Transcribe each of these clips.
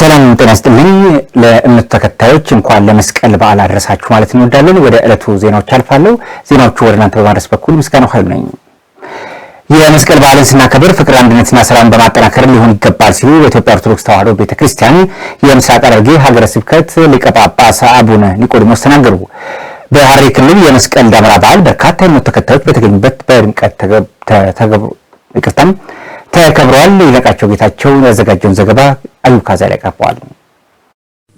ሰላም ጤና ይስጥልኝ። ተከታዮች እንኳን ለመስቀል በዓል አድረሳችሁ ማለት እንወዳለን። ወደ ዕለቱ ዜናዎች አልፋለሁ። ዜናዎቹ ወደ እናንተ በማድረስ በኩል ምስጋናው ኃይሉ ነኝ። የመስቀል በዓልን ስናከብር ፍቅር፣ አንድነትና ሰላም በማጠናከር ሊሆን ይገባል ሲሉ በኢትዮጵያ ኦርቶዶክስ ተዋሕዶ ቤተ ክርስቲያን የምስራቅ ሐረርጌ ሀገረ ስብከት ሊቀ ጳጳስ አቡነ ኒቆዲሞስ ተናገሩ። በሐረሪ ክልል የመስቀል ደመራ በዓል በርካታ የእምነቱ ተከታዮች በተገኙበት በድምቀት ተከብረዋል። ይለቃቸው ጌታቸው ያዘጋጀውን ዘገባ አዩብ ካዛ ቀርበዋል።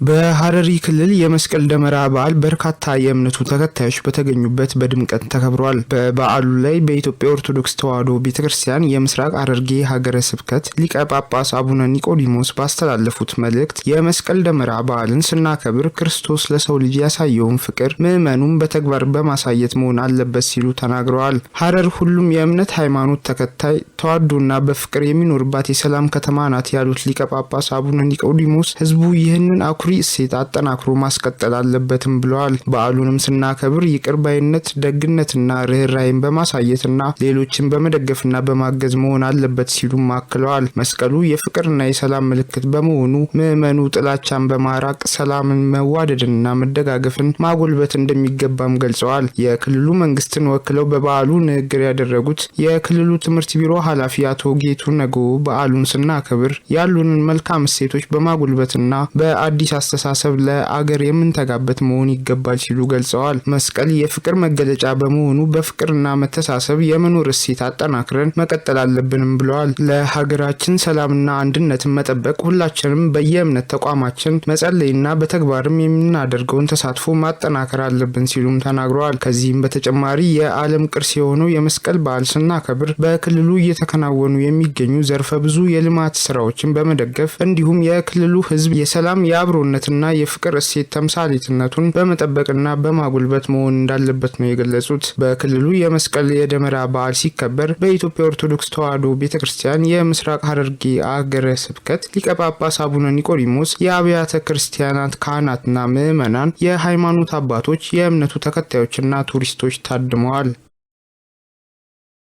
በሀረሪ ክልል የመስቀል ደመራ በዓል በርካታ የእምነቱ ተከታዮች በተገኙበት በድምቀት ተከብሯል። በበዓሉ ላይ በኢትዮጵያ ኦርቶዶክስ ተዋሕዶ ቤተ ክርስቲያን የምስራቅ ሐረርጌ ሀገረ ስብከት ሊቀ ጳጳስ አቡነ ኒቆዲሞስ ባስተላለፉት መልእክት የመስቀል ደመራ በዓልን ስናከብር ክርስቶስ ለሰው ልጅ ያሳየውን ፍቅር ምዕመኑም በተግባር በማሳየት መሆን አለበት ሲሉ ተናግረዋል። ሐረር ሁሉም የእምነት ሃይማኖት ተከታይ ተዋዶና በፍቅር የሚኖርባት የሰላም ከተማ ናት ያሉት ሊቀ ጳጳስ አቡነ ኒቆዲሞስ ህዝቡ ይህንን አኩሪ እሴት አጠናክሮ ማስቀጠል አለበትም ብለዋል። በዓሉንም ስናከብር ይቅር ባይነት፣ ደግነትና ርኅራይን በማሳየትና ሌሎችን በመደገፍና በማገዝ መሆን አለበት ሲሉም አክለዋል። መስቀሉ የፍቅርና የሰላም ምልክት በመሆኑ ምዕመኑ ጥላቻን በማራቅ ሰላምን፣ መዋደድንና መደጋገፍን ማጎልበት እንደሚገባም ገልጸዋል። የክልሉ መንግስትን ወክለው በበዓሉ ንግግር ያደረጉት የክልሉ ትምህርት ቢሮ ኃላፊ አቶ ጌቱ ነጎ በዓሉን ስናከብር ያሉንን መልካም እሴቶች በማጎልበትና በአዲስ አስተሳሰብ ለአገር የምንተጋበት መሆን ይገባል ሲሉ ገልጸዋል። መስቀል የፍቅር መገለጫ በመሆኑ በፍቅርና መተሳሰብ የመኖር እሴት አጠናክረን መቀጠል አለብንም ብለዋል። ለሀገራችን ሰላምና አንድነትን መጠበቅ ሁላችንም በየእምነት ተቋማችን መጸለይና በተግባርም የምናደርገውን ተሳትፎ ማጠናከር አለብን ሲሉም ተናግረዋል። ከዚህም በተጨማሪ የዓለም ቅርስ የሆነው የመስቀል በዓል ስናከብር በክልሉ እየተከናወኑ የሚገኙ ዘርፈ ብዙ የልማት ስራዎችን በመደገፍ እንዲሁም የክልሉ ህዝብ የሰላም የአብሮ የአብሮነትና የፍቅር እሴት ተምሳሌትነቱን በመጠበቅና በማጉልበት መሆን እንዳለበት ነው የገለጹት። በክልሉ የመስቀል የደመራ በዓል ሲከበር በኢትዮጵያ ኦርቶዶክስ ተዋሕዶ ቤተ ክርስቲያን የምስራቅ ሐረርጌ አገረ ስብከት ሊቀ ጳጳስ አቡነ ኒቆዲሞስ፣ የአብያተ ክርስቲያናት ካህናትና ምዕመናን፣ የሃይማኖት አባቶች፣ የእምነቱ ተከታዮችና ቱሪስቶች ታድመዋል።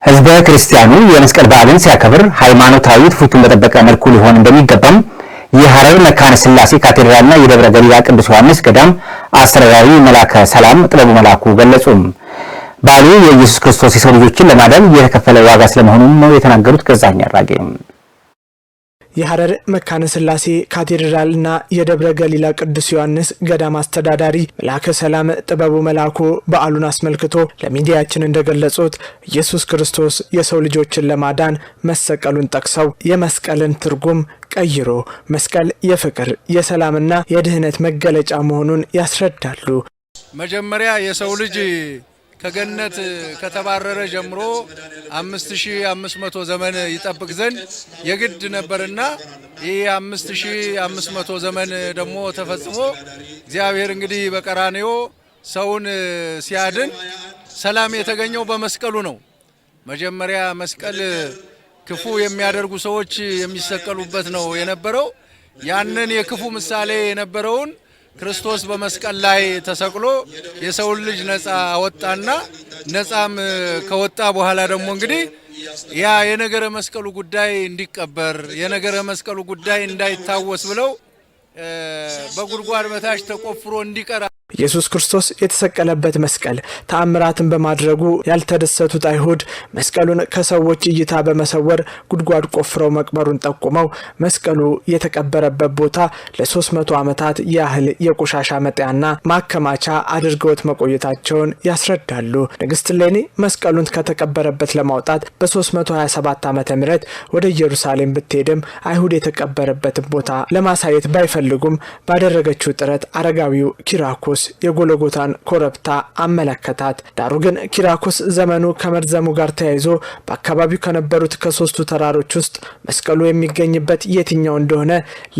ህዝበ ክርስቲያኑ የመስቀል በዓልን ሲያከብር ሃይማኖታዊ ትውፊቱን በጠበቀ መልኩ ሊሆን እንደሚገባም የሐረር መካነ ስላሴ ካቴድራልና የደብረ ገሊላ ቅዱስ ዮሐንስ ገዳም አስተዳዳሪ መላከ ሰላም ጥበቡ መላኩ ገለጹ። በዓሉ የኢየሱስ ክርስቶስ የሰው ልጆችን ለማዳን የተከፈለ ዋጋ ስለመሆኑም ነው የተናገሩት። ገዛኸኝ አራጌ የሐረር መካነ ስላሴ ካቴድራልና የደብረ ገሊላ ቅዱስ ዮሐንስ ገዳም አስተዳዳሪ መልአከ ሰላም ጥበቡ መልአኩ በዓሉን አስመልክቶ ለሚዲያችን እንደገለጹት ኢየሱስ ክርስቶስ የሰው ልጆችን ለማዳን መሰቀሉን ጠቅሰው የመስቀልን ትርጉም ቀይሮ መስቀል የፍቅር የሰላምና የድህነት መገለጫ መሆኑን ያስረዳሉ። መጀመሪያ የሰው ልጅ ከገነት ከተባረረ ጀምሮ 5500 ዘመን ይጠብቅ ዘንድ የግድ ነበርና ይህ 5500 ዘመን ደግሞ ተፈጽሞ እግዚአብሔር እንግዲህ በቀራንዮ ሰውን ሲያድን ሰላም የተገኘው በመስቀሉ ነው። መጀመሪያ መስቀል ክፉ የሚያደርጉ ሰዎች የሚሰቀሉበት ነው የነበረው። ያንን የክፉ ምሳሌ የነበረውን ክርስቶስ በመስቀል ላይ ተሰቅሎ የሰውን ልጅ ነፃ አወጣና ነፃም ከወጣ በኋላ ደግሞ እንግዲህ ያ የነገረ መስቀሉ ጉዳይ እንዲቀበር የነገረ መስቀሉ ጉዳይ እንዳይታወስ ብለው በጉድጓድ በታች ተቆፍሮ እንዲቀራ። ኢየሱስ ክርስቶስ የተሰቀለበት መስቀል ተአምራትን በማድረጉ ያልተደሰቱት አይሁድ መስቀሉን ከሰዎች እይታ በመሰወር ጉድጓድ ቆፍረው መቅበሩን ጠቁመው መስቀሉ የተቀበረበት ቦታ ለ300 ዓመታት ያህል የቆሻሻ መጣያና ማከማቻ አድርገውት መቆየታቸውን ያስረዳሉ። ንግሥት ሌኒ መስቀሉን ከተቀበረበት ለማውጣት በ327 ዓ ም ወደ ኢየሩሳሌም ብትሄድም አይሁድ የተቀበረበትን ቦታ ለማሳየት ባይፈልጉም ባደረገችው ጥረት አረጋዊው ኪራኮስ ኪራኮስ የጎለጎታን ኮረብታ አመለከታት። ዳሩ ግን ኪራኮስ ዘመኑ ከመርዘሙ ጋር ተያይዞ በአካባቢው ከነበሩት ከሶስቱ ተራሮች ውስጥ መስቀሉ የሚገኝበት የትኛው እንደሆነ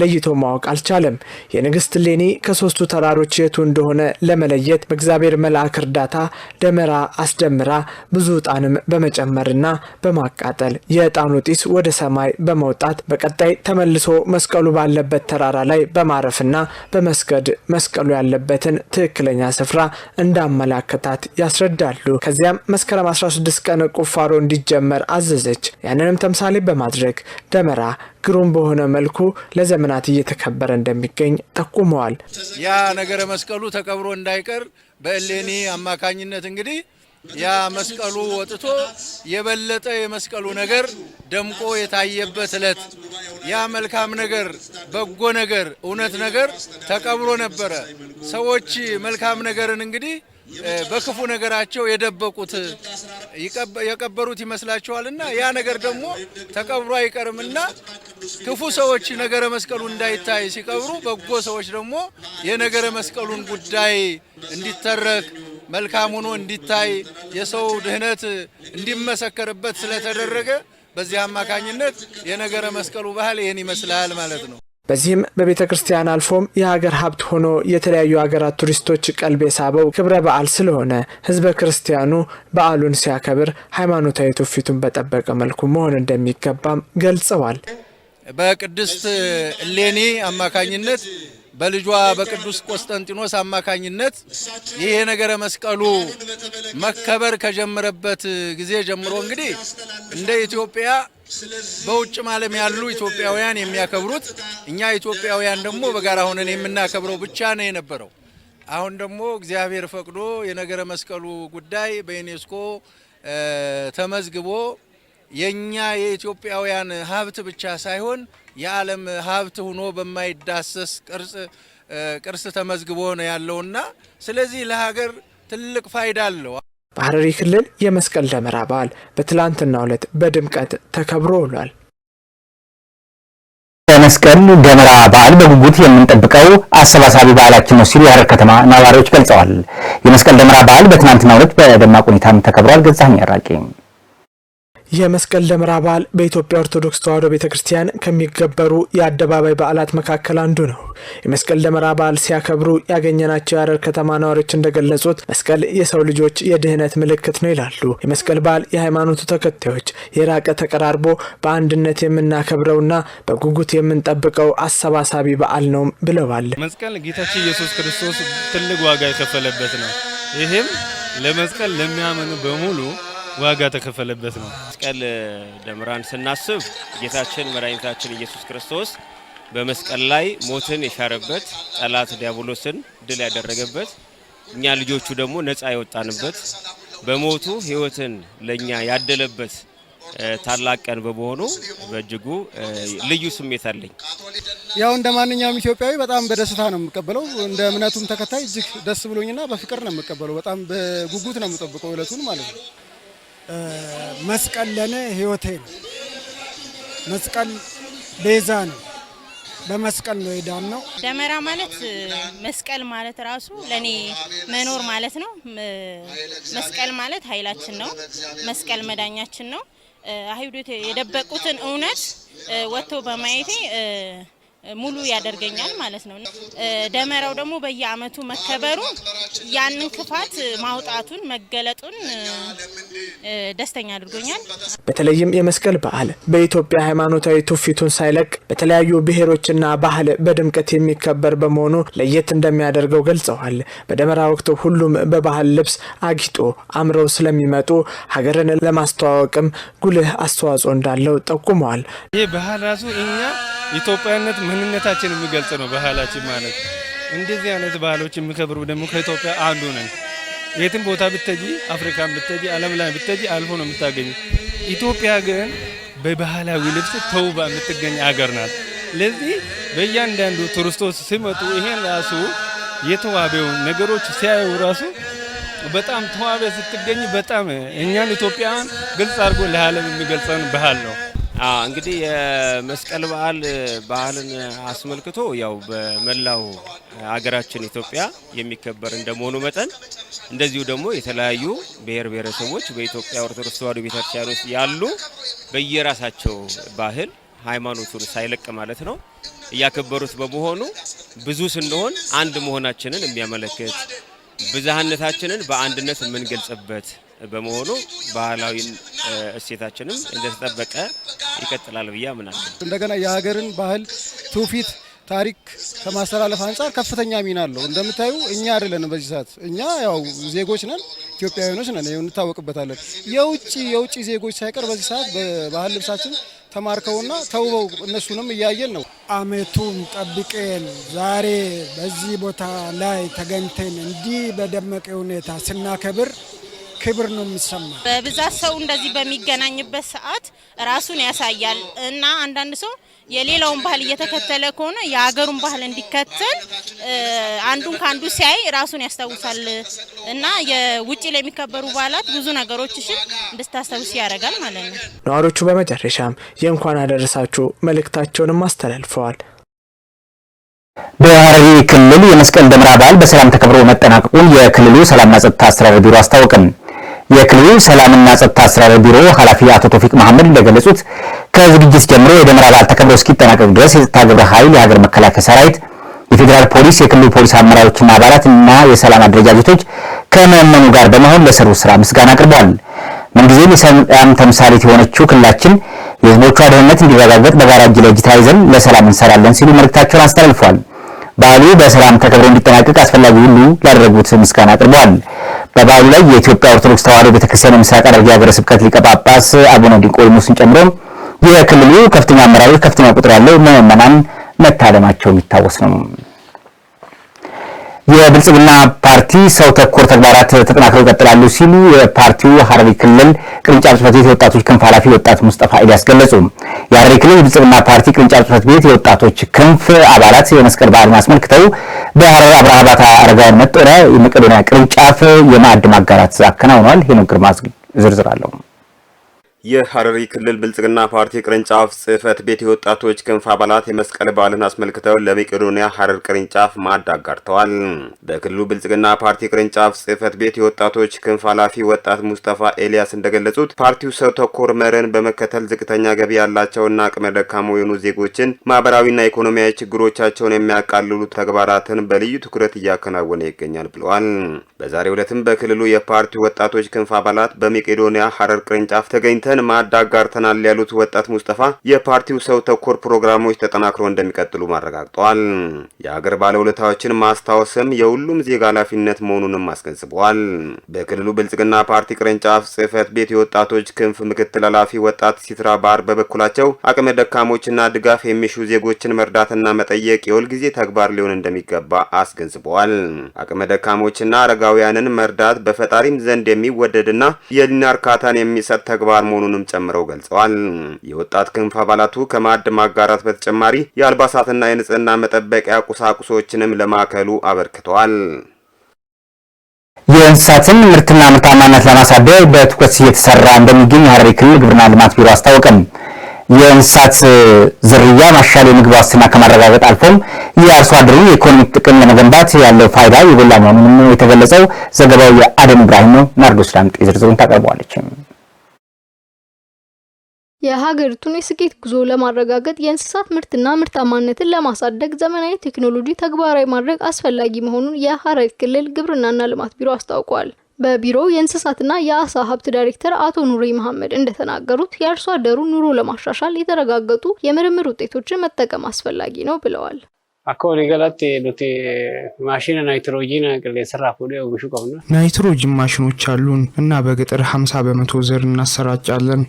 ለይቶ ማወቅ አልቻለም። የንግስት ሌኒ ከሶስቱ ተራሮች የቱ እንደሆነ ለመለየት በእግዚአብሔር መልአክ እርዳታ ደመራ አስደምራ ብዙ ዕጣንም በመጨመርና በማቃጠል የዕጣኑ ጢስ ወደ ሰማይ በመውጣት በቀጣይ ተመልሶ መስቀሉ ባለበት ተራራ ላይ በማረፍና በመስገድ መስቀሉ ያለበትን ትክክለኛ ስፍራ እንዳመላከታት ያስረዳሉ። ከዚያም መስከረም 16 ቀን ቁፋሮ እንዲጀመር አዘዘች። ያንንም ተምሳሌ በማድረግ ደመራ ግሩም በሆነ መልኩ ለዘመናት እየተከበረ እንደሚገኝ ጠቁመዋል። ያ ነገረ መስቀሉ ተቀብሮ እንዳይቀር በእሌኒ አማካኝነት እንግዲህ ያ መስቀሉ ወጥቶ የበለጠ የመስቀሉ ነገር ደምቆ የታየበት ዕለት ያ መልካም ነገር በጎ ነገር እውነት ነገር ተቀብሮ ነበረ። ሰዎች መልካም ነገርን እንግዲህ በክፉ ነገራቸው የደበቁት የቀበሩት ይመስላችኋልና ያ ነገር ደግሞ ተቀብሮ አይቀርምና ክፉ ሰዎች ነገረ መስቀሉ እንዳይታይ ሲቀብሩ፣ በጎ ሰዎች ደግሞ የነገረ መስቀሉን ጉዳይ እንዲተረክ መልካም ሆኖ እንዲታይ የሰው ድህነት እንዲመሰከርበት ስለተደረገ በዚህ አማካኝነት የነገረ መስቀሉ ባህል ይህን ይመስላል ማለት ነው። በዚህም በቤተ ክርስቲያን አልፎም የሀገር ሀብት ሆኖ የተለያዩ ሀገራት ቱሪስቶች ቀልብ የሳበው ክብረ በዓል ስለሆነ ህዝበ ክርስቲያኑ በዓሉን ሲያከብር ሃይማኖታዊ ትውፊቱን በጠበቀ መልኩ መሆን እንደሚገባም ገልጸዋል። በቅድስት እሌኒ አማካኝነት በልጇ በቅዱስ ቆስጠንጢኖስ አማካኝነት ይሄ ነገረ መስቀሉ መከበር ከጀመረበት ጊዜ ጀምሮ እንግዲህ እንደ ኢትዮጵያ በውጭ ዓለም ያሉ ኢትዮጵያውያን የሚያከብሩት እኛ ኢትዮጵያውያን ደግሞ በጋራ ሆነን የምናከብረው ብቻ ነው የነበረው። አሁን ደግሞ እግዚአብሔር ፈቅዶ የነገረ መስቀሉ ጉዳይ በዩኔስኮ ተመዝግቦ የኛ የኢትዮጵያውያን ሀብት ብቻ ሳይሆን የዓለም ሀብት ሆኖ በማይዳሰስ ቅርጽ ቅርስ ተመዝግቦ ነው ያለውና ስለዚህ ለሀገር ትልቅ ፋይዳ አለው። በሐረሪ ክልል የመስቀል ደመራ በዓል በትላንትናው ዕለት በድምቀት ተከብሮ ውሏል። የመስቀል ደመራ በዓል በጉጉት የምንጠብቀው አሰባሳቢ በዓላችን ነው ሲሉ የሐረር ከተማ ነዋሪዎች ገልጸዋል። የመስቀል ደመራ በዓል በትናንትናው ዕለት በደማቅ ሁኔታም ተከብሯል። ገዛኸኝ አራቂ የመስቀል ደመራ በዓል በኢትዮጵያ ኦርቶዶክስ ተዋሕዶ ቤተ ክርስቲያን ከሚገበሩ የአደባባይ በዓላት መካከል አንዱ ነው። የመስቀል ደመራ በዓል ሲያከብሩ ያገኘናቸው የሐረር ከተማ ነዋሪዎች እንደገለጹት መስቀል የሰው ልጆች የድህነት ምልክት ነው ይላሉ። የመስቀል በዓል የሃይማኖቱ ተከታዮች የራቀ ተቀራርቦ በአንድነት የምናከብረውና በጉጉት የምንጠብቀው አሰባሳቢ በዓል ነው ብለዋል። መስቀል ጌታችን ኢየሱስ ክርስቶስ ትልቅ ዋጋ የከፈለበት ነው። ይህም ለመስቀል ለሚያምኑ በሙሉ ዋጋ ተከፈለበት ነው። መስቀል ደምራን ስናስብ ጌታችን መድኃኒታችን ኢየሱስ ክርስቶስ በመስቀል ላይ ሞትን የሻረበት ጠላት ዲያብሎስን ድል ያደረገበት እኛ ልጆቹ ደግሞ ነፃ የወጣንበት በሞቱ ሕይወትን ለእኛ ያደለበት ታላቅ ቀን በመሆኑ በእጅጉ ልዩ ስሜት አለኝ። ያው እንደ ማንኛውም ኢትዮጵያዊ በጣም በደስታ ነው የምቀበለው። እንደ እምነቱም ተከታይ እጅግ ደስ ብሎኝና በፍቅር ነው የምቀበለው። በጣም በጉጉት ነው የምጠብቀው እለቱን ማለት ነው። መስቀል ለእኔ ህይወቴ ነው። መስቀል ቤዛ ነው። በመስቀል ነው ሄዳን ነው። ደመራ ማለት መስቀል ማለት ራሱ ለእኔ መኖር ማለት ነው። መስቀል ማለት ኃይላችን ነው። መስቀል መዳኛችን ነው። አይሁዶት የደበቁትን እውነት ወጥቶ በማየቴ ሙሉ ያደርገኛል ማለት ነው። ደመራው ደግሞ በየአመቱ መከበሩ ያንን ክፋት ማውጣቱን መገለጡን ደስተኛ አድርጎኛል። በተለይም የመስቀል በዓል በኢትዮጵያ ሃይማኖታዊ ትውፊቱን ሳይለቅ በተለያዩ ብሔሮችና ባህል በድምቀት የሚከበር በመሆኑ ለየት እንደሚያደርገው ገልጸዋል። በደመራ ወቅት ሁሉም በባህል ልብስ አጊጦ አምረው ስለሚመጡ ሀገርን ለማስተዋወቅም ጉልህ አስተዋጽኦ እንዳለው ጠቁመዋል። ይህ ባህል ራሱ እኛ ኢትዮጵያነት ምንነታችን የሚገልጽ ነው ባህላችን ማለት። እንደዚህ አይነት ባህሎች የሚከብሩ ደግሞ ከኢትዮጵያ አንዱ ነን። የትም ቦታ ብትጂ፣ አፍሪካን ብትጂ፣ ዓለም ላይ ብትጂ አልፎ ነው የምታገኙ። ኢትዮጵያ ግን በባህላዊ ልብስ ተውባ የምትገኝ አገር ናት። ለዚህ በእያንዳንዱ ቱሪስቶች ሲመጡ ይሄን ራሱ የተዋበው ነገሮች ሲያዩ ራሱ በጣም ተዋበ ስትገኝ በጣም እኛን ኢትዮጵያን ግልጽ አድርጎ ለዓለም የሚገልጸን ባህል ነው። እንግዲህ የመስቀል በዓል ባህልን አስመልክቶ ያው በመላው ሀገራችን ኢትዮጵያ የሚከበር እንደመሆኑ መጠን እንደዚሁ ደግሞ የተለያዩ ብሔር ብሔረሰቦች በኢትዮጵያ ኦርቶዶክስ ተዋሕዶ ቤተክርስቲያን ውስጥ ያሉ በየራሳቸው ባህል ሃይማኖቱን ሳይለቅ ማለት ነው እያከበሩት በመሆኑ ብዙ ስንሆን አንድ መሆናችንን የሚያመለክት ብዝሃነታችንን በአንድነት የምንገልጽበት በመሆኑ ባህላዊ እሴታችንም እንደተጠበቀ ይቀጥላል ብዬ አምናለሁ። እንደገና የሀገርን ባህል ትውፊት ታሪክ ከማስተላለፍ አንጻር ከፍተኛ ሚና አለው። እንደምታዩ እኛ አይደለንም በዚህ ሰዓት እኛ ያው ዜጎች ነን፣ ኢትዮጵያውያኖች ነን፣ እንታወቅበታለን። የውጭ የውጭ ዜጎች ሳይቀር በዚህ ሰዓት በባህል ልብሳችን ተማርከውና ተውበው እነሱንም እያየን ነው። አመቱን ጠብቀን ዛሬ በዚህ ቦታ ላይ ተገኝተን እንዲህ በደመቀ ሁኔታ ስናከብር ክብር ነው የሚሰማ። በብዛት ሰው እንደዚህ በሚገናኝበት ሰዓት ራሱን ያሳያል እና አንዳንድ ሰው የሌላውን ባህል እየተከተለ ከሆነ የሀገሩን ባህል እንዲከተል አንዱን ከአንዱ ሲያይ ራሱን ያስታውሳል እና የውጭ ለሚከበሩ በዓላት ባህላት ብዙ ነገሮችሽን እንድታስታውስ ያደርጋል ማለት ነው። ነዋሪዎቹ በመጨረሻም የእንኳን አደረሳችሁ መልእክታቸውንም አስተላልፈዋል። በሐረሪ ክልል የመስቀል ደመራ በዓል በሰላም ተከብሮ መጠናቀቁን የክልሉ ሰላምና ጸጥታ አስተዳደር ቢሮ አስታወቅም የክልሉ ሰላምና ጸጥታ አስተዳደር ቢሮ ኃላፊ አቶ ቶፊቅ መሐመድ እንደገለጹት ከዝግጅት ጀምሮ የደመራ በዓል ተከብሮ እስኪጠናቀቅ ድረስ የጸጥታ ግብረ ኃይል፣ የሀገር መከላከያ ሰራዊት፣ የፌዴራል ፖሊስ፣ የክልሉ ፖሊስ አመራሮችና አባላት እና የሰላም አደረጃጀቶች ከምዕመኑ ጋር በመሆን ለሰሩ ስራ ምስጋና አቅርበዋል። ምንጊዜም የሰላም ተምሳሌት የሆነችው ክልላችን የህዝቦቿ ደህንነት እንዲረጋገጥ በጋራ እጅ ለእጅ ተያይዘን ለሰላም እንሰራለን ሲሉ መልእክታቸውን አስተላልፏል። በዓሉ በሰላም ተከብሮ እንዲጠናቀቅ አስፈላጊ ሁሉ ላደረጉት ምስጋና አቅርበዋል። በበዓሉ ላይ የኢትዮጵያ ኦርቶዶክስ ተዋሕዶ ቤተክርስቲያን የምስራቅ ሐረርጌ ሀገረ ስብከት ሊቀ ጳጳስ አቡነ ኒቆዲሞስን ጨምሮ የክልሉ ከፍተኛ አመራሮች ከፍተኛ ቁጥር ያለው ምዕመናን መታደማቸው የሚታወስ ነው። የብልጽግና ፓርቲ ሰው ተኮር ተግባራት ተጠናክረው ይቀጥላሉ ሲሉ የፓርቲው ሐረሪ ክልል ቅርንጫፍ ጽሕፈት ቤት የወጣቶች ክንፍ ኃላፊ ወጣት ሙስጠፋ ኢልያስ ገለጹ። የሐረሪ ክልል የብልጽግና ፓርቲ ቅርንጫፍ ጽሕፈት ቤት የወጣቶች ክንፍ አባላት የመስቀል በዓልን አስመልክተው በሐረር አብርሃ ባታ አረጋውያን መጦሪያ የመቄዶንያ ቅርንጫፍ የማዕድ ማጋራት አከናውኗል። ሄኖክ ግርማ ዝርዝር አለው። የሐረሪ ክልል ብልጽግና ፓርቲ ቅርንጫፍ ጽህፈት ቤት የወጣቶች ክንፍ አባላት የመስቀል በዓልን አስመልክተው ለመቄዶንያ ሐረር ቅርንጫፍ ማዕድ አጋርተዋል። በክልሉ ብልጽግና ፓርቲ ቅርንጫፍ ጽህፈት ቤት የወጣቶች ክንፍ ኃላፊ ወጣት ሙስጠፋ ኤልያስ እንደገለጹት ፓርቲው ሰው ተኮር መርህን በመከተል ዝቅተኛ ገቢ ያላቸውና አቅመ ደካማ የሆኑ ዜጎችን ማህበራዊና ኢኮኖሚያዊ ችግሮቻቸውን የሚያቃልሉ ተግባራትን በልዩ ትኩረት እያከናወነ ይገኛል ብለዋል። በዛሬው ዕለትም በክልሉ የፓርቲው ወጣቶች ክንፍ አባላት በመቄዶንያ ሐረር ቅርንጫፍ ተገኝተ አፍልተን ማዕድ አጋርተናል ያሉት ወጣት ሙስጠፋ የፓርቲው ሰው ተኮር ፕሮግራሞች ተጠናክሮ እንደሚቀጥሉ ማረጋግጠዋል። የአገር ባለውለታዎችን ማስታወስም የሁሉም ዜጋ ኃላፊነት መሆኑንም አስገንዝበዋል። በክልሉ ብልጽግና ፓርቲ ቅርንጫፍ ጽህፈት ቤት የወጣቶች ክንፍ ምክትል ኃላፊ ወጣት ሲትራ ባህር በበኩላቸው አቅመ ደካሞችና ድጋፍ የሚሹ ዜጎችን መርዳትና መጠየቅ የሁልጊዜ ተግባር ሊሆን እንደሚገባ አስገንዝበዋል። አቅመ ደካሞችና አረጋውያንን መርዳት በፈጣሪም ዘንድ የሚወደድና የህሊና እርካታን የሚሰጥ ተግባር መሆኑ መሆኑንም ጨምረው ገልጸዋል። የወጣት ክንፍ አባላቱ ከማዕድ ማጋራት በተጨማሪ የአልባሳትና የንጽህና መጠበቂያ ቁሳቁሶችንም ለማዕከሉ አበርክተዋል። የእንስሳትን ምርትና ምርታማነት ለማሳደግ በትኩረት እየተሰራ እንደሚገኝ የሐረሪ ክልል ግብርና ልማት ቢሮ አስታወቀም። የእንስሳት ዝርያ ማሻሻል የምግብ ዋስትና ከማረጋገጥ አልፎም የአርሶ አደሩን የኢኮኖሚ ጥቅም ለመገንባት ያለው ፋይዳ የጎላ መሆኑን የተገለጸው ዘገባው የአደም ኢብራሂም ነው። ናርዶስ ዳምጤ ዝርዝሩን ታቀርበዋለች። የሀገሪቱን የስኬት ጉዞ ለማረጋገጥ የእንስሳት ምርትና ምርታማነትን ለማሳደግ ዘመናዊ ቴክኖሎጂ ተግባራዊ ማድረግ አስፈላጊ መሆኑን የሀረሪ ክልል ግብርናና ልማት ቢሮ አስታውቋል። በቢሮው የእንስሳትና የአሳ ሀብት ዳይሬክተር አቶ ኑሪ መሐመድ እንደተናገሩት የአርሶ አደሩ ኑሮ ለማሻሻል የተረጋገጡ የምርምር ውጤቶችን መጠቀም አስፈላጊ ነው ብለዋል። ናይትሮጂን ናይትሮጂን ማሽኖች አሉን እና በገጠር ሀምሳ በመቶ ዘር እናሰራጫለን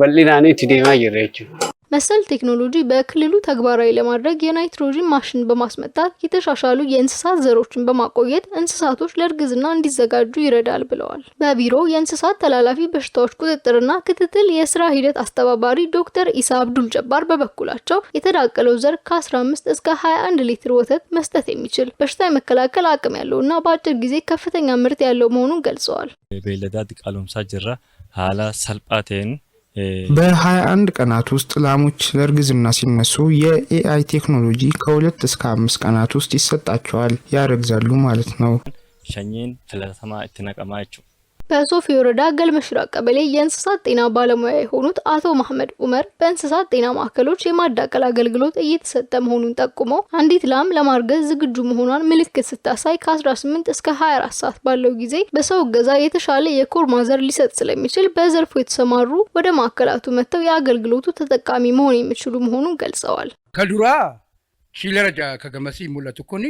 በሊናኔ ቲዴማ ጅሬችው መሰል ቴክኖሎጂ በክልሉ ተግባራዊ ለማድረግ የናይትሮጂን ማሽን በማስመጣት የተሻሻሉ የእንስሳት ዘሮችን በማቆየት እንስሳቶች ለእርግዝና እንዲዘጋጁ ይረዳል ብለዋል። በቢሮ የእንስሳት ተላላፊ በሽታዎች ቁጥጥርና ክትትል የስራ ሂደት አስተባባሪ ዶክተር ኢሳ አብዱል ጀባር በበኩላቸው የተዳቀለው ዘር ከ15 እስከ 21 ሊትር ወተት መስጠት የሚችል በሽታ የመከላከል አቅም ያለውና በአጭር ጊዜ ከፍተኛ ምርት ያለው መሆኑን ገልጸዋል። በ21 ቀናት ውስጥ ላሞች ለእርግዝና ሲነሱ የኤአይ ቴክኖሎጂ ከሁለት እስከ አምስት ቀናት ውስጥ ይሰጣቸዋል። ያረግዛሉ ማለት ነው። ሸኝን ስለተማ በሶፊ ወረዳ ገልመሽራ ቀበሌ የእንስሳት ጤና ባለሙያ የሆኑት አቶ መሐመድ ኡመር በእንስሳት ጤና ማዕከሎች የማዳቀል አገልግሎት እየተሰጠ መሆኑን ጠቁመው አንዲት ላም ለማርገዝ ዝግጁ መሆኗን ምልክት ስታሳይ ከ18 እስከ 24 ሰዓት ባለው ጊዜ በሰው እገዛ የተሻለ የኮርማ ዘር ሊሰጥ ስለሚችል በዘርፉ የተሰማሩ ወደ ማዕከላቱ መጥተው የአገልግሎቱ ተጠቃሚ መሆን የሚችሉ መሆኑን ገልጸዋል። ከዱራ ሺለር ከገመሲ ሙለቱ ኩኒ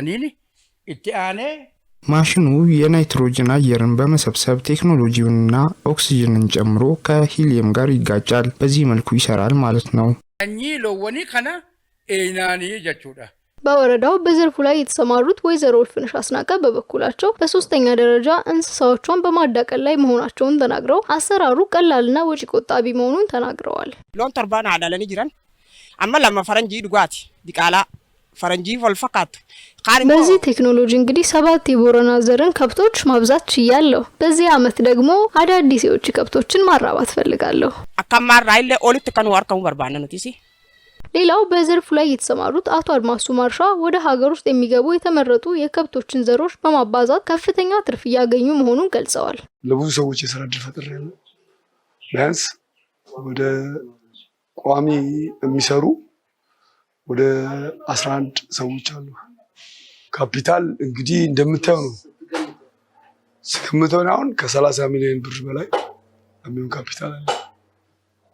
አኒኒ ኢትአኔ ማሽኑ የናይትሮጅን አየርን በመሰብሰብ ቴክኖሎጂውንና ኦክስጅንን ጨምሮ ከሂሊየም ጋር ይጋጫል። በዚህ መልኩ ይሰራል ማለት ነው። በወረዳው በዘርፉ ላይ የተሰማሩት ወይዘሮ እልፍነሽ አስናቀ በበኩላቸው በሶስተኛ ደረጃ እንስሳዎቿን በማዳቀል ላይ መሆናቸውን ተናግረው አሰራሩ ቀላልና ወጪ ቆጣቢ መሆኑን ተናግረዋል። ሎንተርባን አዳለን ጅረን አማ ድጓት ዲቃላ ፈረንጂ ወልፈካት በዚህ ቴክኖሎጂ እንግዲህ ሰባት የቦረና ዘርን ከብቶች ማብዛት ችያለሁ። በዚህ አመት ደግሞ አዳዲስ የውጭ ከብቶችን ማራባት ፈልጋለሁ። አካማራይለ ኦልት ከኑ አርከሙ በርባነ ነው ሌላው በዘርፉ ላይ የተሰማሩት አቶ አድማሱ ማርሻ ወደ ሀገር ውስጥ የሚገቡ የተመረጡ የከብቶችን ዘሮች በማባዛት ከፍተኛ ትርፍ እያገኙ መሆኑን ገልጸዋል። ለብዙ ሰዎች የስራ እድል ፈጥር ቢያንስ ወደ ቋሚ የሚሰሩ ወደ አስራ አንድ ሰዎች አሉ። ካፒታል እንግዲህ እንደምታየው ነው ስክምተውን አሁን ከሰላሳ ሚሊዮን ብር በላይ የሚሆን ካፒታል አለ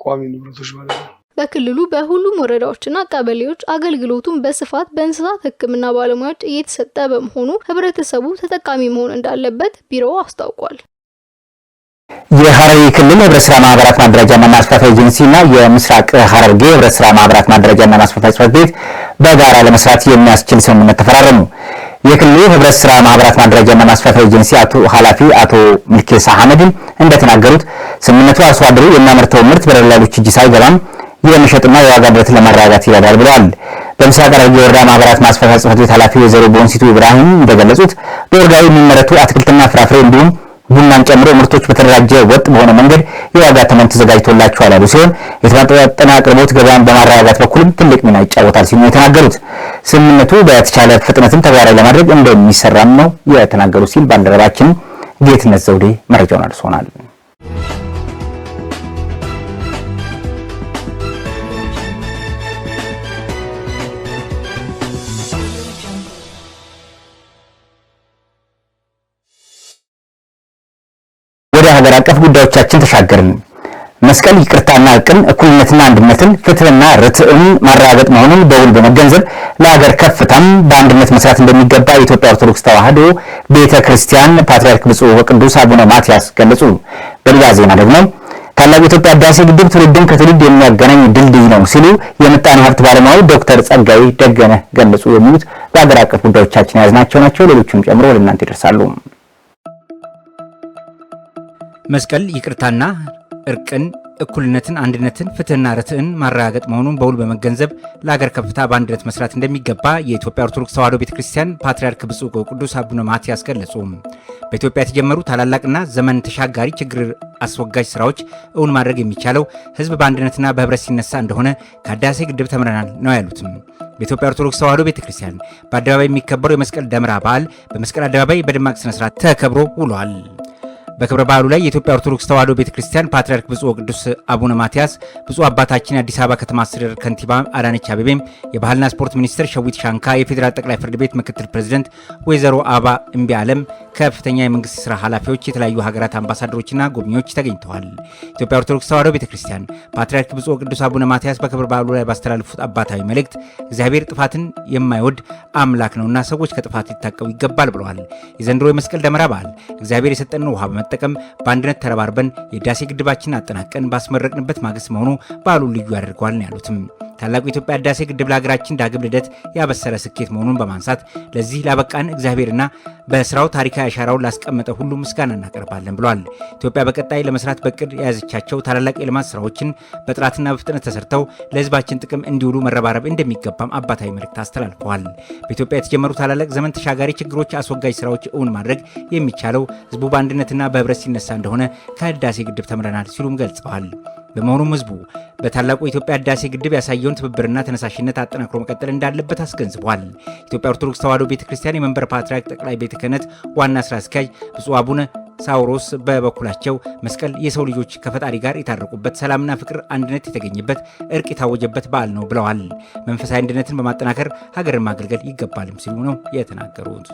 ቋሚ ንብረቶች ማለት ነው። በክልሉ በሁሉም ወረዳዎችና ቀበሌዎች አገልግሎቱን በስፋት በእንስሳት ሕክምና ባለሙያዎች እየተሰጠ በመሆኑ ህብረተሰቡ ተጠቃሚ መሆን እንዳለበት ቢሮው አስታውቋል። የሐረሪ ክልል ህብረት ስራ ማህበራት ማደራጃና ማስፋፋት ኤጀንሲና የምስራቅ ሐረርጌ ህብረት ስራ ማህበራት ማደራጃና ማስፋፋት ጽሕፈት ቤት በጋራ ለመስራት የሚያስችል ስምምነት ተፈራረሙ። የክልሉ ህብረት ስራ ማህበራት ማደራጃና ማስፋፋት ኤጀንሲ አቶ ኃላፊ አቶ ሚልኬሳ አህመድን እንደተናገሩት ስምምነቱ አርሶ አደሩ የሚያመርተውን ምርት በደላሎች እጅ ሳይገባም የመሸጥና የዋጋ ንረትን ለማረጋጋት ይረዳል ብለዋል። በምስራቅ ሐረርጌ ወረዳ ማህበራት ማስፋፋት ጽሕፈት ቤት ኃላፊ ወይዘሮ ቦንሲቱ ኢብራሂም እንደገለጹት በወረዳው የሚመረቱ አትክልትና ፍራፍሬ እንዲሁም ቡናን ጨምሮ ምርቶች በተደራጀ ወጥ በሆነ መንገድ የዋጋ ተመን ተዘጋጅቶላቸዋል ያሉ ሲሆን የተመጣጠነ አቅርቦት ገበያን በማረጋጋት በኩልም ትልቅ ሚና ይጫወታል ሲሉ የተናገሩት ስምምነቱ በተቻለ ፍጥነትም ተግባራዊ ለማድረግ እንደሚሰራም ነው የተናገሩት ሲል ባልደረባችን ጌትነት ዘውዴ መረጃውን አድርሶናል። ወደ ሀገር አቀፍ ጉዳዮቻችን ተሻገርን። መስቀል ይቅርታና እቅን፣ እኩልነትና አንድነትን፣ ፍትህና ርትዕን ማረጋገጥ መሆኑን በውል በመገንዘብ ለሀገር ከፍታም በአንድነት መስራት እንደሚገባ የኢትዮጵያ ኦርቶዶክስ ተዋህዶ ቤተ ክርስቲያን ፓትርያርክ ብፁዕ ወቅዱስ አቡነ ማትያስ ገለጹ። በሌላ ዜና ደግሞ ታላቁ የኢትዮጵያ ህዳሴ ግድብ ትውልድን ከትውልድ የሚያገናኝ ድልድይ ነው ሲሉ የምጣኔ ሀብት ባለሙያው ዶክተር ጸጋይ ደገነ ገለጹ። የሚሉት በሀገር አቀፍ ጉዳዮቻችን የያዝናቸው ናቸው። ሌሎችም ጨምሮ ለእናንተ ይደርሳሉ። መስቀል ይቅርታና እርቅን፣ እኩልነትን፣ አንድነትን፣ ፍትህና ርትዕን ማረጋገጥ መሆኑን በውል በመገንዘብ ለሀገር ከፍታ በአንድነት መስራት እንደሚገባ የኢትዮጵያ ኦርቶዶክስ ተዋሕዶ ቤተ ክርስቲያን ፓትርያርክ ብፁዕ ወቅዱስ አቡነ ማትያስ ገለጹ። በኢትዮጵያ የተጀመሩ ታላላቅና ዘመን ተሻጋሪ ችግር አስወጋጅ ስራዎች እውን ማድረግ የሚቻለው ህዝብ በአንድነትና በህብረት ሲነሳ እንደሆነ ከአዳሴ ግድብ ተምረናል ነው ያሉትም። በኢትዮጵያ ኦርቶዶክስ ተዋሕዶ ቤተ ክርስቲያን በአደባባይ የሚከበረው የመስቀል ደመራ በዓል በመስቀል አደባባይ በደማቅ ስነስርዓት ተከብሮ ውሏል። በክብረ በዓሉ ላይ የኢትዮጵያ ኦርቶዶክስ ተዋሕዶ ቤተ ክርስቲያን ፓትርያርክ ብፁዕ ወቅዱስ አቡነ ማትያስ፣ ብፁዕ አባታችን የአዲስ አበባ ከተማ አስተዳደር ከንቲባ አዳነች አቤቤም፣ የባህልና ስፖርት ሚኒስትር ሸዊት ሻንካ፣ የፌዴራል ጠቅላይ ፍርድ ቤት ምክትል ፕሬዚደንት ወይዘሮ አባ እምቢ አለም፣ ከፍተኛ የመንግስት ስራ ኃላፊዎች፣ የተለያዩ ሀገራት አምባሳደሮችና ጎብኚዎች ተገኝተዋል። ኢትዮጵያ ኦርቶዶክስ ተዋሕዶ ቤተ ክርስቲያን ፓትርያርክ ብፁዕ ቅዱስ አቡነ ማትያስ በክብረ በዓሉ ላይ ባስተላለፉት አባታዊ መልእክት እግዚአብሔር ጥፋትን የማይወድ አምላክ ነውና ሰዎች ከጥፋት ሊታቀቡ ይገባል ብለዋል። የዘንድሮ የመስቀል ደመራ በዓል እግዚአብሔር የሰጠንን ውሃ በመጠቀም በአንድነት ተረባርበን የዳሴ ግድባችን አጠናቀን ባስመረቅንበት ማግስት መሆኑ በዓሉን ልዩ ያደርገዋል ነው ያሉትም። ታላቁ የኢትዮጵያ ህዳሴ ግድብ ለሀገራችን ዳግም ልደት ያበሰረ ስኬት መሆኑን በማንሳት ለዚህ ላበቃን እግዚአብሔርና በስራው ታሪካ የስካይ አሻራውን ላስቀመጠ ሁሉ ምስጋና እናቀርባለን ብሏል። ኢትዮጵያ በቀጣይ ለመስራት በቅድ የያዘቻቸው ታላላቅ የልማት ስራዎችን በጥራትና በፍጥነት ተሰርተው ለህዝባችን ጥቅም እንዲውሉ መረባረብ እንደሚገባም አባታዊ መልእክት አስተላልፈዋል። በኢትዮጵያ የተጀመሩ ታላላቅ ዘመን ተሻጋሪ ችግሮች አስወጋጅ ስራዎች እውን ማድረግ የሚቻለው ህዝቡ በአንድነትና በህብረት ሲነሳ እንደሆነ ከህዳሴ ግድብ ተምረናል ሲሉም ገልጸዋል። በመሆኑም ህዝቡ በታላቁ የኢትዮጵያ ህዳሴ ግድብ ያሳየውን ትብብርና ተነሳሽነት አጠናክሮ መቀጠል እንዳለበት አስገንዝቧል። ኢትዮጵያ ኦርቶዶክስ ተዋሕዶ ቤተ ክርስቲያን የመንበረ ፓትርያርክ ጠቅላይ ቤተ ክህነት ዋና ስራ አስኪያጅ ብፁዕ አቡነ ሳውሮስ በበኩላቸው መስቀል የሰው ልጆች ከፈጣሪ ጋር የታረቁበት ሰላምና ፍቅር አንድነት የተገኘበት እርቅ የታወጀበት በዓል ነው ብለዋል። መንፈሳዊ አንድነትን በማጠናከር ሀገርን ማገልገል ይገባልም ሲሉ ነው የተናገሩት።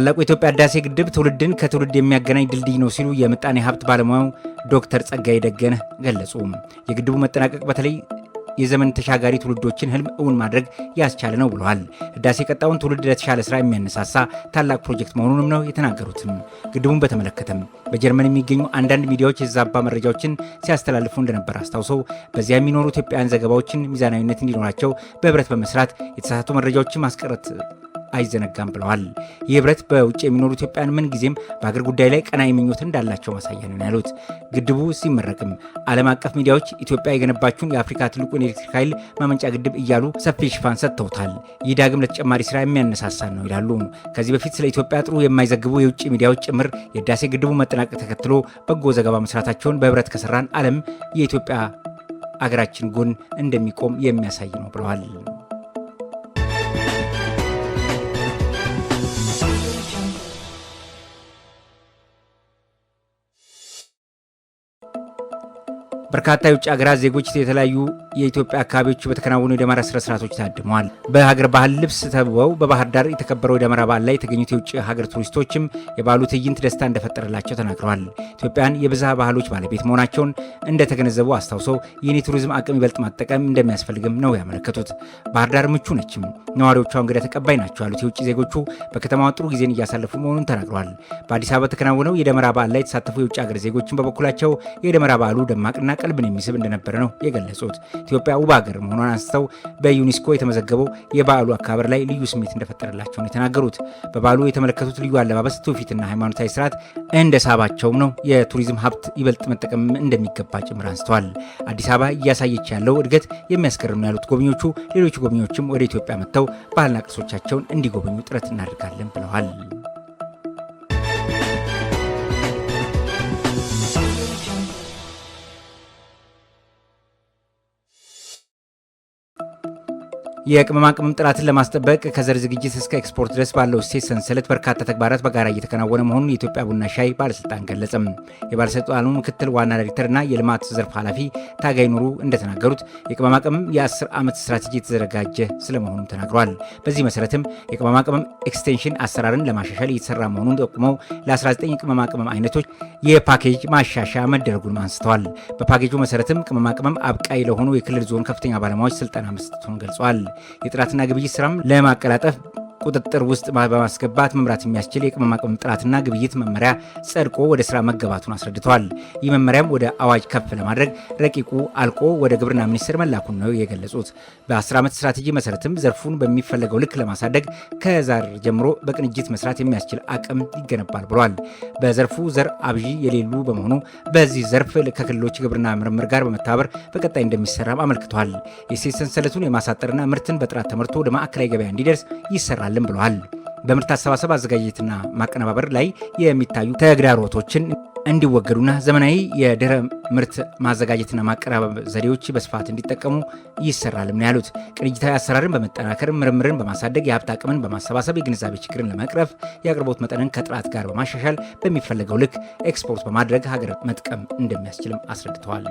ታላቁ የኢትዮጵያ ህዳሴ ግድብ ትውልድን ከትውልድ የሚያገናኝ ድልድይ ነው ሲሉ የምጣኔ ሀብት ባለሙያው ዶክተር ጸጋይ ደገነ ገለጹ። የግድቡ መጠናቀቅ በተለይ የዘመን ተሻጋሪ ትውልዶችን ህልም እውን ማድረግ ያስቻለ ነው ብለዋል። ህዳሴ ቀጣውን ትውልድ ለተሻለ ስራ የሚያነሳሳ ታላቅ ፕሮጀክት መሆኑንም ነው የተናገሩትም። ግድቡን በተመለከተም በጀርመን የሚገኙ አንዳንድ ሚዲያዎች የዛባ መረጃዎችን ሲያስተላልፉ እንደነበር አስታውሰው በዚያ የሚኖሩ ኢትዮጵያውያን ዘገባዎችን ሚዛናዊነት እንዲኖራቸው በህብረት በመስራት የተሳሳቱ መረጃዎችን ማስቀረት አይዘነጋም ብለዋል። ይህ ህብረት በውጭ የሚኖሩ ኢትዮጵያን ምን ጊዜም በአገር ጉዳይ ላይ ቀናይ ምኞት እንዳላቸው ማሳያ ነው ያሉት ግድቡ ሲመረቅም ዓለም አቀፍ ሚዲያዎች ኢትዮጵያ የገነባችውን የአፍሪካ ትልቁን ኤሌክትሪክ ኃይል ማመንጫ ግድብ እያሉ ሰፊ ሽፋን ሰጥተውታል። ይህ ዳግም ለተጨማሪ ስራ የሚያነሳሳን ነው ይላሉ። ከዚህ በፊት ስለ ኢትዮጵያ ጥሩ የማይዘግቡ የውጭ ሚዲያዎች ጭምር የህዳሴ ግድቡ መጠናቀቅ ተከትሎ በጎ ዘገባ መስራታቸውን በህብረት ከሰራን ዓለም የኢትዮጵያ አገራችን ጎን እንደሚቆም የሚያሳይ ነው ብለዋል። በርካታ የውጭ ሀገራት ዜጎች የተለያዩ የኢትዮጵያ አካባቢዎች በተከናወኑ የደመራ ስነ ስርዓቶች ታድመዋል። በሀገር ባህል ልብስ ተብበው በባህር ዳር የተከበረው የደመራ በዓል ላይ የተገኙት የውጭ ሀገር ቱሪስቶችም የበዓሉ ትዕይንት ደስታ እንደፈጠረላቸው ተናግረዋል። ኢትዮጵያን የብዛ ባህሎች ባለቤት መሆናቸውን እንደተገነዘቡ አስታውሰው ይህን የቱሪዝም አቅም ይበልጥ ማጠቀም እንደሚያስፈልግም ነው ያመለከቱት። ባህር ዳር ምቹ ነችም፣ ነዋሪዎቿ እንግዳ ተቀባይ ናቸው ያሉት የውጭ ዜጎቹ በከተማዋ ጥሩ ጊዜን እያሳለፉ መሆኑን ተናግረዋል። በአዲስ አበባ ተከናውነው የደመራ በዓል ላይ የተሳተፉ የውጭ ሀገር ዜጎችን በበኩላቸው የደመራ በዓሉ ደማቅና ቀልብን የሚስብ እንደነበረ ነው የገለጹት። ኢትዮጵያ ውብ ሀገር መሆኗን አንስተው በዩኔስኮ የተመዘገበው የበዓሉ አከባበር ላይ ልዩ ስሜት እንደፈጠረላቸው ነው የተናገሩት። በበዓሉ የተመለከቱት ልዩ አለባበስ፣ ትውፊትና ሃይማኖታዊ ስርዓት እንደ ሳባቸው ነው የቱሪዝም ሀብት ይበልጥ መጠቀም እንደሚገባ ጭምር አንስተዋል። አዲስ አበባ እያሳየች ያለው እድገት የሚያስገርም ነው ያሉት ጎብኚዎቹ፣ ሌሎች ጎብኚዎችም ወደ ኢትዮጵያ መጥተው ባህልና ቅርሶቻቸውን እንዲጎበኙ ጥረት እናደርጋለን ብለዋል። የቅመማ ቅመም ጥራትን ለማስጠበቅ ከዘር ዝግጅት እስከ ኤክስፖርት ድረስ ባለው እሴት ሰንሰለት በርካታ ተግባራት በጋራ እየተከናወነ መሆኑን የኢትዮጵያ ቡና ሻይ ባለስልጣን ገለጸም። የባለስልጣኑ ምክትል ዋና ዳይሬክተርና የልማት ዘርፍ ኃላፊ ታጋይ ኑሩ እንደተናገሩት የቅመማ ቅመም የ10 ዓመት ስትራቴጂ የተዘጋጀ ስለመሆኑም ተናግሯል። በዚህ መሰረትም የቅመማ ቅመም ኤክስቴንሽን አሰራርን ለማሻሻል እየተሰራ መሆኑን ጠቁመው ለ19 የቅመማ ቅመም አይነቶች የፓኬጅ ማሻሻያ መደረጉን አንስተዋል። በፓኬጁ መሰረትም ቅመማ ቅመም አብቃይ ለሆኑ የክልል ዞን ከፍተኛ ባለሙያዎች ስልጠና መስጠቱን ገልጿል። የጥራትና ግብይት ስራም ለማቀላጠፍ ቁጥጥር ውስጥ በማስገባት መምራት የሚያስችል የቅመማ ቅመም ጥራትና ግብይት መመሪያ ጸድቆ ወደ ስራ መገባቱን አስረድተዋል። ይህ መመሪያም ወደ አዋጅ ከፍ ለማድረግ ረቂቁ አልቆ ወደ ግብርና ሚኒስቴር መላኩን ነው የገለጹት። በ10 ዓመት ስትራቴጂ መሰረትም ዘርፉን በሚፈለገው ልክ ለማሳደግ ከዛር ጀምሮ በቅንጅት መስራት የሚያስችል አቅም ይገነባል ብሏል። በዘርፉ ዘር አብዢ የሌሉ በመሆኑ በዚህ ዘርፍ ከክልሎች ግብርና ምርምር ጋር በመተባበር በቀጣይ እንደሚሰራም አመልክቷል። የሴት ሰንሰለቱን የማሳጠርና ምርትን በጥራት ተመርቶ ወደ ማዕከላዊ ገበያ እንዲደርስ ይሰራል እንሰራለን ብለዋል። በምርት አሰባሰብ አዘጋጀትና ማቀነባበር ላይ የሚታዩ ተግዳሮቶችን እንዲወገዱና ዘመናዊ የድህረ ምርት ማዘጋጀትና ማቀራበብ ዘዴዎች በስፋት እንዲጠቀሙ ይሰራልም ነው ያሉት። ቅንጅታዊ አሰራርን በመጠናከር ምርምርን በማሳደግ የሀብት አቅምን በማሰባሰብ የግንዛቤ ችግርን ለመቅረፍ የአቅርቦት መጠንን ከጥራት ጋር በማሻሻል በሚፈለገው ልክ ኤክስፖርት በማድረግ ሀገር መጥቀም እንደሚያስችልም አስረድተዋል።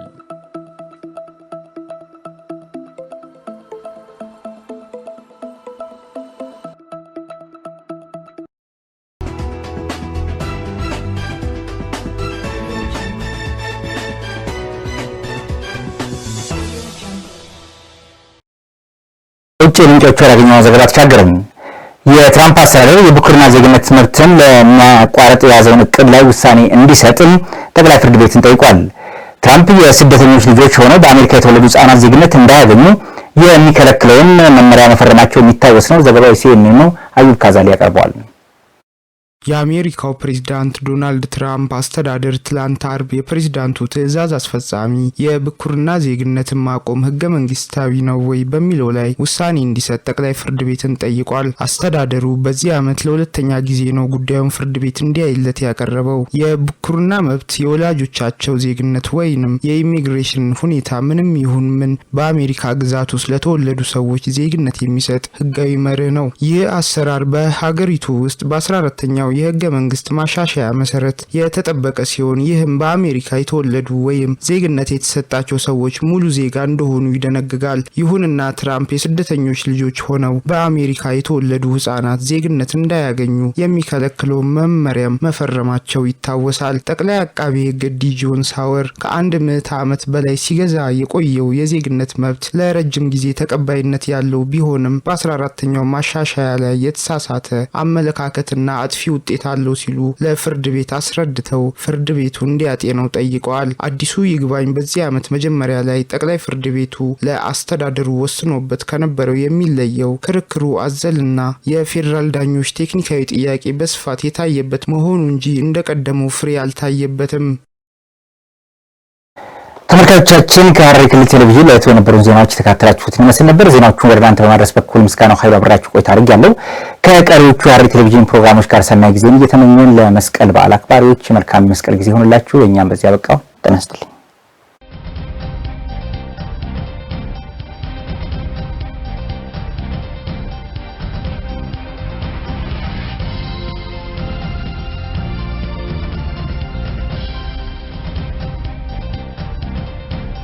ከምንጮቹ ያላገኘነው ዘገባ ተሻገረም። የትራምፕ አስተዳደር የቡክርና ዜግነት መብትን ለማቋረጥ የያዘውን እቅድ ላይ ውሳኔ እንዲሰጥም ጠቅላይ ፍርድ ቤትን ጠይቋል። ትራምፕ የስደተኞች ልጆች ሆነው በአሜሪካ የተወለዱ ህጻናት ዜግነት እንዳያገኙ የሚከለክለውን መመሪያ መፈረማቸው የሚታወስ ነው። ዘገባው ሲኤንኤን ነው። አዩብ ካዛሊ ያቀርበዋል። የአሜሪካው ፕሬዚዳንት ዶናልድ ትራምፕ አስተዳደር ትላንት አርብ የፕሬዚዳንቱ ትዕዛዝ አስፈጻሚ የብኩርና ዜግነትን ማቆም ህገ መንግስታዊ ነው ወይ በሚለው ላይ ውሳኔ እንዲሰጥ ጠቅላይ ፍርድ ቤትን ጠይቋል። አስተዳደሩ በዚህ ዓመት ለሁለተኛ ጊዜ ነው ጉዳዩን ፍርድ ቤት እንዲያይለት ያቀረበው። የብኩርና መብት የወላጆቻቸው ዜግነት ወይንም የኢሚግሬሽን ሁኔታ ምንም ይሁን ምን በአሜሪካ ግዛት ውስጥ ለተወለዱ ሰዎች ዜግነት የሚሰጥ ህጋዊ መርህ ነው። ይህ አሰራር በሀገሪቱ ውስጥ በ14ተኛው የህገ መንግስት ማሻሻያ መሰረት የተጠበቀ ሲሆን ይህም በአሜሪካ የተወለዱ ወይም ዜግነት የተሰጣቸው ሰዎች ሙሉ ዜጋ እንደሆኑ ይደነግጋል። ይሁንና ትራምፕ የስደተኞች ልጆች ሆነው በአሜሪካ የተወለዱ ህጻናት ዜግነት እንዳያገኙ የሚከለክለው መመሪያም መፈረማቸው ይታወሳል። ጠቅላይ አቃቢ ህግ ዲ ጆን ሳወር ከአንድ ምዕተ ዓመት በላይ ሲገዛ የቆየው የዜግነት መብት ለረጅም ጊዜ ተቀባይነት ያለው ቢሆንም በ14ተኛው ማሻሻያ ላይ የተሳሳተ አመለካከትና አጥፊ ውጤት አለው ሲሉ ለፍርድ ቤት አስረድተው ፍርድ ቤቱ እንዲያጤነው ጠይቀዋል። አዲሱ ይግባኝ በዚህ ዓመት መጀመሪያ ላይ ጠቅላይ ፍርድ ቤቱ ለአስተዳደሩ ወስኖበት ከነበረው የሚለየው ክርክሩ አዘልና የፌዴራል ዳኞች ቴክኒካዊ ጥያቄ በስፋት የታየበት መሆኑ እንጂ እንደቀደመው ፍሬ አልታየበትም። ተመልካቾቻችን ከሐረሪ ክልል ቴሌቪዥን ለዕለቱ የነበሩን ዜናዎች የተካተላችሁትን ይመስል ነበር። ዜናዎቹን ወደ እናንተ በማድረስ በኩል ምስጋናው ኃይሉ አብራችሁ ቆይታ አድርጊያለሁ። ከቀሪዎቹ ሐረሪ ቴሌቪዥን ፕሮግራሞች ጋር ሰናይ ጊዜን እየተመኘን ለመስቀል በዓል አክባሪዎች የመልካም መስቀል ጊዜ ይሆንላችሁ። እኛም በዚያ በቃው ጤና ይስጥልኝ።